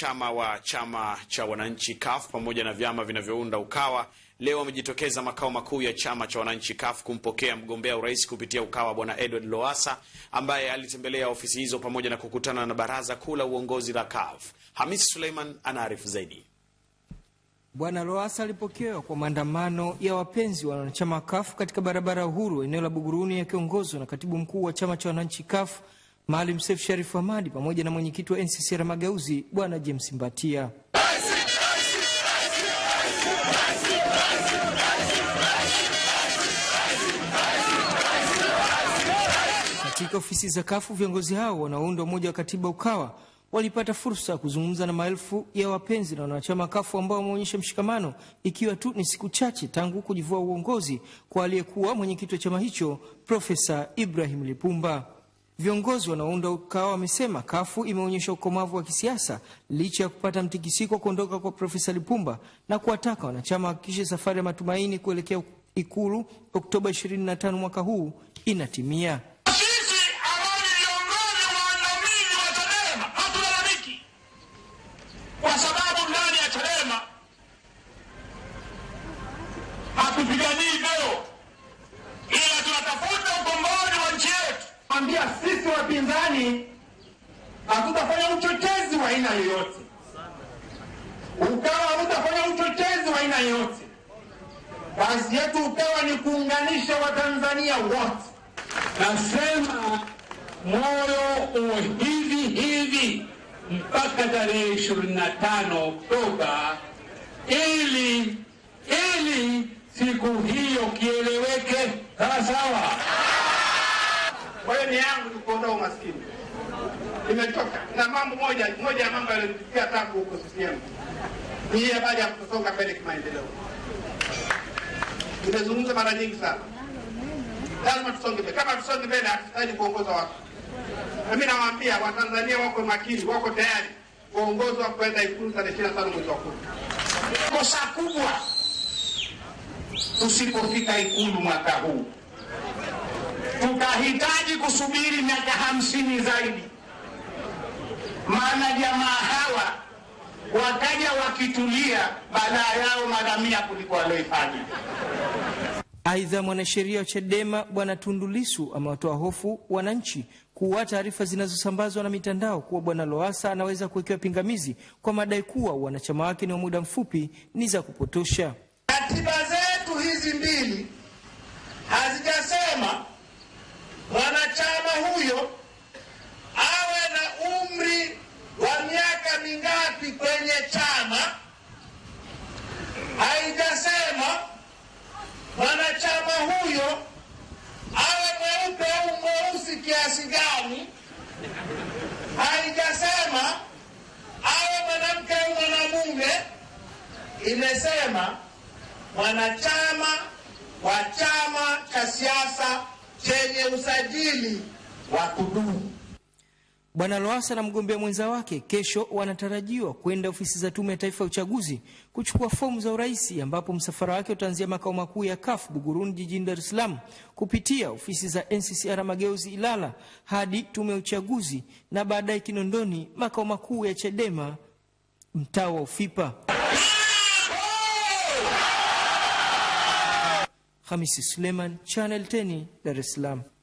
chama wa chama cha wananchi kaf pamoja na vyama vinavyounda Ukawa leo wamejitokeza makao makuu ya chama cha wananchi kaf kumpokea mgombea urais kupitia Ukawa Bwana Edward loasa ambaye alitembelea ofisi hizo pamoja na kukutana na baraza kuu la uongozi la kaf hamis Suleiman anaarifu zaidi. Bwana loasa alipokewa kwa maandamano ya wapenzi wa wanachama kafu katika barabara Uhuru eneo la Buguruni, yakiongozwa na katibu mkuu wa chama cha wananchi kafu Maalim Seif Sharif Hamad pamoja na mwenyekiti wa NCCR Mageuzi Bwana James Mbatia. Katika ofisi za kafu viongozi hao wanaounda umoja wa katiba Ukawa walipata fursa ya kuzungumza na maelfu ya wapenzi na wanachama kafu ambao wameonyesha mshikamano, ikiwa tu ni siku chache tangu kujivua uongozi kwa aliyekuwa mwenyekiti wa chama hicho Profesa Ibrahim Lipumba. Viongozi wanaounda UKAWA wamesema kafu imeonyesha ukomavu wa kisiasa licha ya kupata mtikisiko kuondoka kwa Profesa Lipumba na kuwataka wanachama wahakikishe safari ya matumaini kuelekea Ikulu Oktoba 25 mwaka huu inatimia. Sisi ambao ni viongozi waandamizi wa Chadema hatulalamiki, kwa sababu ndani ya Chadema hatupiganii vyeo kuambia sisi wapinzani hatutafanya uchochezi wa aina yoyote, ukawa hautafanya uchochezi wa aina yoyote. Kazi yetu ukawa ni kuunganisha watanzania wote. Nasema moyo uwe hivi hivi mpaka tarehe tano Oktoba ili ili siku hiyo kieleweke sawasawa. Madeni yangu ni kuondoa umaskini, imetoka na mambo moja moja ya mambo yaliyotufikia tangu huko CCM ni hii habari ya kusonga mbele kimaendeleo. Nimezungumza mara nyingi sana, lazima tusonge mbele. Kama tusonge mbele, hatutaji kuongoza watu. Nami nawaambia Watanzania wako makini, wako tayari kuongozwa kwenda Ikulu tarehe ishirini na tano mwezi wa kumi. Kosa kubwa tusipofika Ikulu mwaka huu tukahitaji kusubiri miaka hamsini zaidi, maana jamaa hawa wakaja wakitulia, balaa yao maramia kuliko walioifanya. Aidha, mwanasheria wa Chadema Bwana tundulisu amewatoa hofu wananchi kuwa taarifa zinazosambazwa na mitandao kuwa Bwana loasa anaweza kuwekewa pingamizi kwa madai kuwa wanachama wake ni wa muda mfupi ni za kupotosha. Katiba zetu hizi mbili hazijasema fulani haijasema awe mwanamke au mwanamume, imesema mwanachama wa chama cha siasa chenye usajili wa kudumu. Bwana Lowassa na mgombea mwenza wake kesho wanatarajiwa kwenda ofisi za Tume ya Taifa ya Uchaguzi kuchukua fomu za urais, ambapo msafara wake utaanzia makao makuu ya CUF Buguruni jijini Dar es Salaam kupitia ofisi za NCCR Mageuzi Ilala hadi Tume ya Uchaguzi na baadaye Kinondoni, makao makuu ya Chadema mtaa wa Ufipa. Hamisi Suleiman, Channel 10, Dar es Salaam.